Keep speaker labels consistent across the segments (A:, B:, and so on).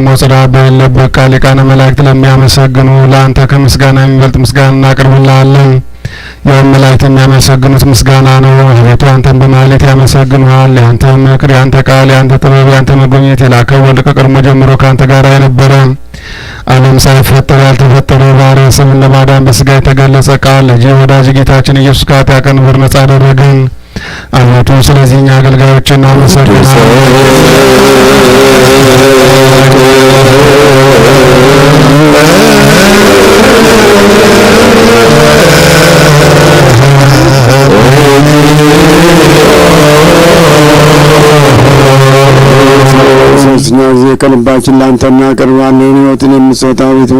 A: ደግሞ ጽርሐ በሌለበት ቃል ሊቃነ መላእክት ለሚያመሰግኑ ለአንተ ከምስጋና የሚበልጥ ምስጋና እናቅርብልሃለን። ያም መላእክት የሚያመሰግኑት ምስጋና ነው። አቤቱ አንተን በማለት ያመሰግኑሃል። የአንተ ምክር፣ የአንተ ቃል፣ የአንተ ጥበብ፣ የአንተ መጎብኘት የላከው ወልድ ከቀድሞ ጀምሮ ከአንተ ጋር የነበረ ዓለም ሳይፈጠር ያልተፈጠረ ባሕርይ ስምን ለማዳን በስጋ የተገለጸ ቃል ልጅ ወዳጅ ጌታችን ኢየሱስ ከኃጢአት ቀንበር ነጻ አደረገን። አባቱ ስለዚህ እኛ አገልጋዮች ሶስተኛ ጊዜ ከልባችን ለአንተ እናቀርባለን። ሕይወትን የምትሰጠው አቤቱ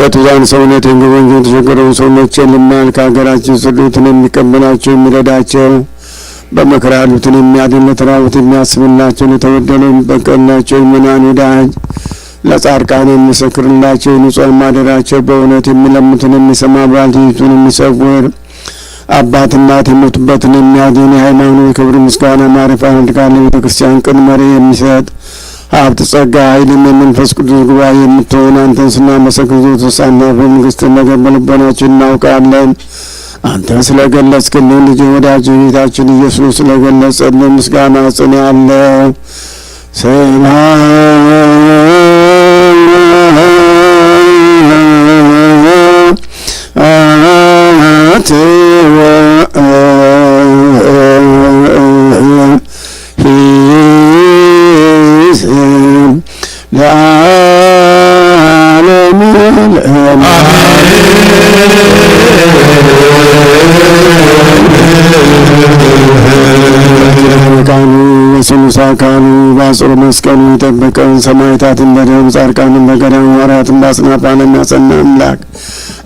A: የቱዛን ሰውነት የሚጎበኙ የተቸገረውን ሰው መቼ ልናል? ከሀገራችን ስሉትን የሚቀበላቸው የሚረዳቸው በመከራ ያሉትን የሚያድን ለተራቡት የሚያስብላቸው ለተበደለው የሚበቀልላቸው የምናን ወዳጅ ለጻድቃን የሚሰክርላቸው ንጹሐን ማደራቸው በእውነት የሚለምቱን የሚሰማ ባልቴቱን የሚሰውር አባት እናት የሞቱበትን የሚያድን የሃይማኖት ክብር ምስጋና ማረፊያ ድቃለ ቤተክርስቲያን ቅን መሪ የሚሰጥ ሀብት ጸጋ ኃይልም የመንፈስ ቅዱስ ጉባኤ የምትሆን አንተን ስናመሰግን ዘወትርሳና በመንግስት እንደገበልበናችን እናውቃለን። አንተ ስለ ገለጽክልን ልጅ ወዳጅ ጌታችን ኢየሱስ ስለ ገለጸልን ምስጋና ጽን ያለ ስብሐት አካሉ በአጽሩ መስቀሉ ይጠብቀን። ሰማዕታትን በደም ጻድቃንን በገዳም ሐዋርያትን በአጽናፈ ያጸና አምላክ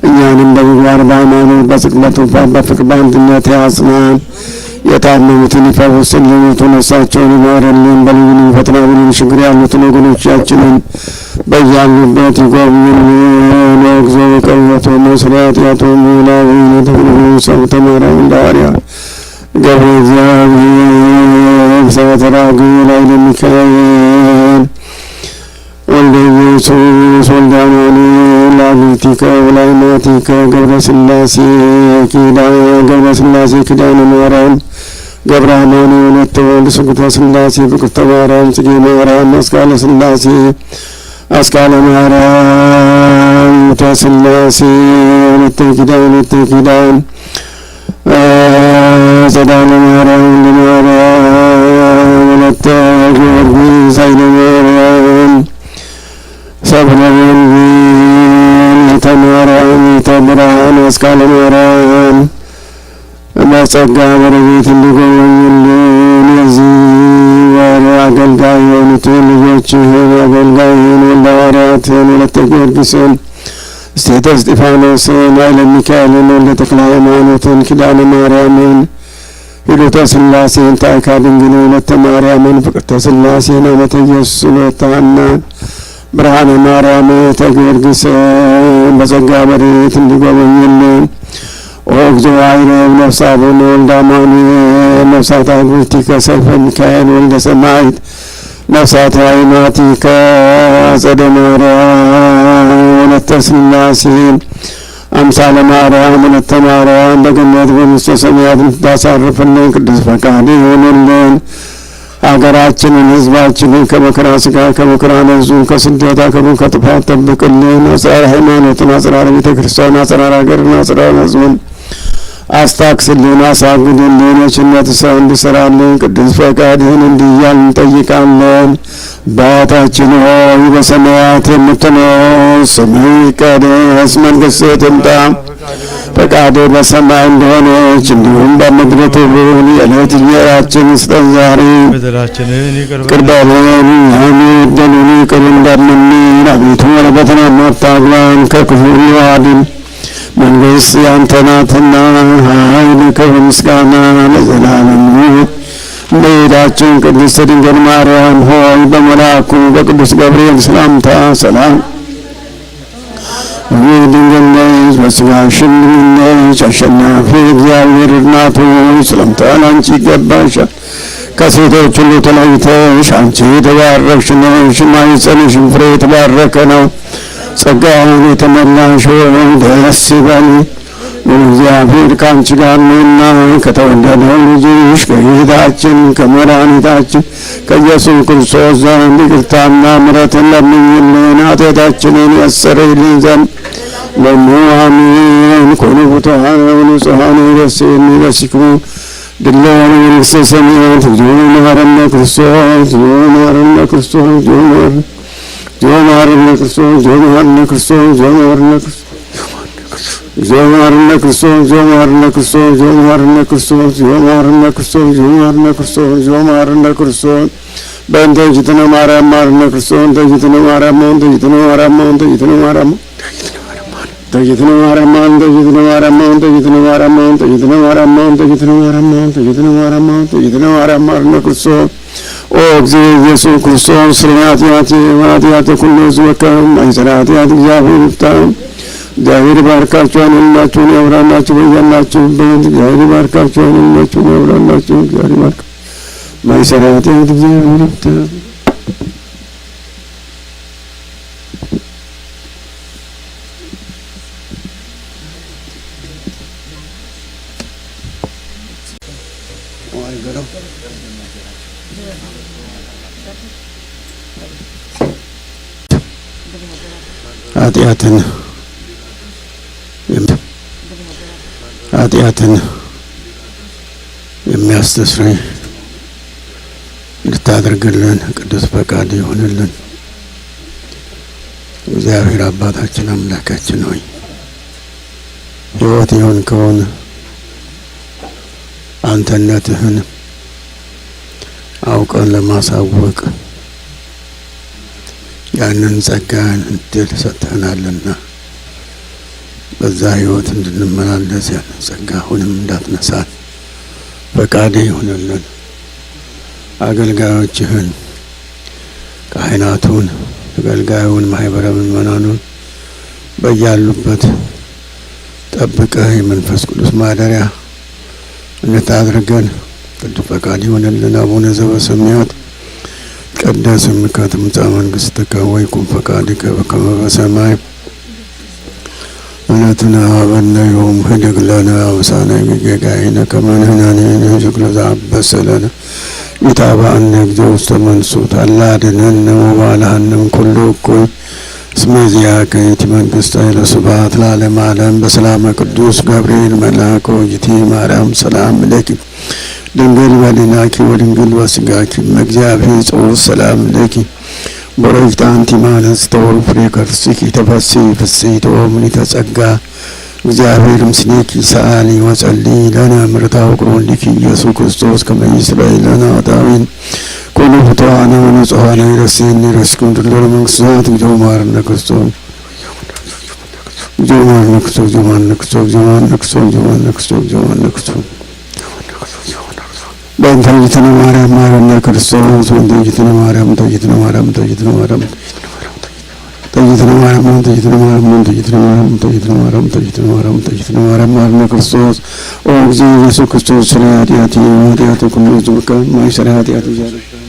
A: እኛንም በምግባር በሃይማኖት በስቅለት ባ በፍቅር በአንድነት ያጽናን። የታመሙትን ይፈውስልን። የተነሳቸውን ይማረልን። በልዩንም ፈተና ሁሉም ችግር ያሉትን ወገኖቻችንን በያሉበት ይጎብኝልን። እግዚኦ ቀርበቶ መስሪያት ያቶ ሙላ ሰው ተማራ እንዳዋርያ ገብረ እግዚአብሔር ዘወተራጉ ላይ ለሚካኤል ወልደ ኢየሱስ ወልደ አማኑኤል አብቲከ ወላይማቲከ ገብረ ስላሴ ኪዳነ ገብረ ስላሴ ኪዳነ ማርያም ገብረ አማኑኤል ወተወልድ ስጉተ ስላሴ ፍቅርተ ማርያም ጽጌ ማርያም አስካለ ስላሴ አስካለ ማርያም ተ ስላሴ ሁለተ ኪዳን ሁለተ ኪዳን በጸጋ በረከት እንዲጎበኙልን የዚህ ወር አገልጋይ የሆኑትን ልጆችህን አገልጋይህን ወልደ ሐዋርያትን ወለተ ጊዮርጊስን እስቴተ እስጢፋኖስን ኃይለ ሚካኤልን ወልደ ተክለ ሃይማኖትን ኪዳነ ማርያምን ሂሎተ ስላሴን ታይካ ድንግል ወለተ ማርያምን ፍቅርተ ሥላሴን አመተ ኢየሱስ ሎታና ብርሃነ ማርያም ተጊዮርጊስ በጸጋ በሬት እንዲጎበኝልን ኦ እግዚኦ አይረብ ነፍሳትን ወልደ አማኑኤል ነፍሳት አብርቲከ ሰይፈ ሚካኤል ወልደ ሰማዕት ነፍሳት ሃይማቲከ አጸደ ማርያም ወለተ ሥላሴን አምሳለ ማርያም ሁለተ ማርያም በገነት በውስተ ሰማያት እንድታሳርፍልን ቅዱስ ፈቃድ ይሁንልን። አገራችንን ሕዝባችንን ከመከራ ሥጋ ከመከራ ነፍሱ ከስደት አገሩ ከጥፋት ጠብቅልን። አጽራር ሃይማኖትን፣ አጽራር ቤተ ክርስቲያን፣ አጽራር አገርን፣ አጽራር ሕዝብን አስታክስልን አሳግድልን የችነት ሰው እንድሰራልን ቅዱስ ፈቃድህን እንዲያል እንጠይቃለን። አባታችን ሆይ በሰማያት የምትኖር ስምህ ይቀደስ፣ መንግሥትህ ትምጣ፣ ፈቃድህ በሰማይ እንደሆነች እንዲሁም በምድር ትሁን። የዕለት እንጀራችንን ስጠን ዛሬ፣ ይቅር በለን እኛም የበደሉንን ይቅር እንደምንል፣ አቤቱ ወደ ፈተና አታግባን፣ ከክፉ አድነን መንግሥት ያንተ ናትና ኃይል ክብር፣ ምስጋና ለዘላለሙ። እመቤታችን ቅድስት ድንግል ማርያም ሆይ በመልአኩ በቅዱስ ገብርኤል ሰላምታ ሰላም ድንግል ነሽ፣ በሥጋሽም ድንግል ነሽ። አሸናፊ እግዚአብሔር እናቱ ሰላምታ አንቺ ይገባሻል። ከሴቶች ሁሉ ተለይተሽ አንቺ የተባረክሽ ነሽ፣ ማኅፀንሽ ፍሬ የተባረከ ነው። ጸጋውን የተመላሽ ሆይ ደስ ይበል፣ እግዚአብሔር ከአንቺ ጋር ነውና ከተወደደው ልጅሽ ከጌታችን ከመድኃኒታችን ከኢየሱስ ክርስቶስ ዘንድ ይቅርታና ምሕረትን ለምኝልን ኃጢአታችንን ያሰረይልን ዘንድ ለሙ አሜን። ኮኑ ብፁዓን ወንጹሐን ደሴን ደሲክሙ ድለን መንግሥተ ሰማያት ዞን ማረነ ክርስቶስ ዞን ማረነ ክርስቶስ ዞን Canavarına kız ol, canavarına kız ol, canavarına kız Canavarına kız ol, canavarına kız ol, canavarına kız ol, canavarına kız ol, canavarına kız ol, canavarına kız ol. Ben de gidene varam, varına kız ol, de gidene varam, on da gidene varam, on da gidene varam. Da gidene varam, on da gidene varam, on da gidene varam, on da gidene varam, on da gidene varam, on da gidene varam, on da gidene varam, varına kız ol. ኦ እግዚእ ኢየሱስ ክርስቶስ ስርናትያት ማትያት ኩሎ ዝወካም አይሰራትያት እግዚአብሔር ይፍታ። እግዚአብሔር ባርካችኋን ሁላችሁን ያብራላችሁ በያላችሁበት። እግዚአብሔር ባርካችኋን ሁላችሁን ያብራላችሁ። እግዚአብሔር ባርካ ማይሰራትያት እግዚአብሔር ይፍታ። ኃጢአትን ኃጢአትን የሚያስተስረኝ እንድታደርግልን ቅዱስ ፈቃድ ይሆንልን። እግዚአብሔር አባታችን አምላካችን ሆይ ሕይወት የሆን ከሆን አንተነትህን አውቀን ለማሳወቅ ያንን ጸጋን እድል ሰጥተናልና በዛ ህይወት እንድንመላለስ ያንን ጸጋ አሁንም እንዳትነሳን ፈቃድ ይሁንልን። አገልጋዮችህን ካህናቱን፣ አገልጋዩን፣ ማህበረ ምዕመናኑን በያሉበት ጠብቀህ የመንፈስ ቅዱስ ማደሪያ እንድታድርገን ቅዱስ ፈቃድ ይሆንልን። አቡነ ዘበሰማያት ቅዳሴ ምካትምፃ መንግሥትከ ወይኩን ፈቃድከ በከመ በሰማይ ወለትነ ሀበነ ዮም ህድግ ለነ አበሳነ የሚጌጋይነ ከመ ንሕነኒ ህዝግ ለዘአበሰለነ ኢታብአነ እግዚኦ ውስተ መንሱት አላ አድኅነነ ኩሉ እኩይ እስመ ዚአከ መንግሥተ ለስብሐት ለዓለመ ዓለም በሰላመ ቅዱስ ገብርኤል መልአክ ወይእቲ ማርያም ሰላም ለኪ ድንግል በድናኪ ወድንግል በስጋኪ መእግዚአብሔር ጾር ሰላም ለኪ ቦሮይታ አንቲ ማንስተ ወፍሬ ከርስኪ ተፈሲ ፍሴቶ ምልዕተ ተጸጋ እግዚአብሔር ምስሌኪ ሰአሊ ወጸሊ ለነ ምርታው ቅሮንዲኪ ኢየሱስ ክርስቶስ ከመ ይሥረይ ለነ ኃጣውኢን ኩሉ ፍጡራነ ወንጹሐነ ይረሴኒ ረስኩም ድለለ መንግሥተ ሰማያት እግዚኦ መሐረነ ክርስቶስ እግዚኦ ነክሶ ክርስቶስ ነክሶ መሐረነ ነክሶ እግዚኦ ነክሶ ክርስቶስ እግዚኦ बंधन जितना मारे मारे न कर सो बंधन जितना हम तो जितना हम तो जितना हम तो जितना मारे हम तो जितना मारे हम तो जितना हम तो जितना हम तो जितना हम तो जितना मारा मार न कर सो और जीव सुख सो सराहती आती है हमारे हाथों को मजदूर कर मैं सराहती आती जा रही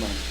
B: money.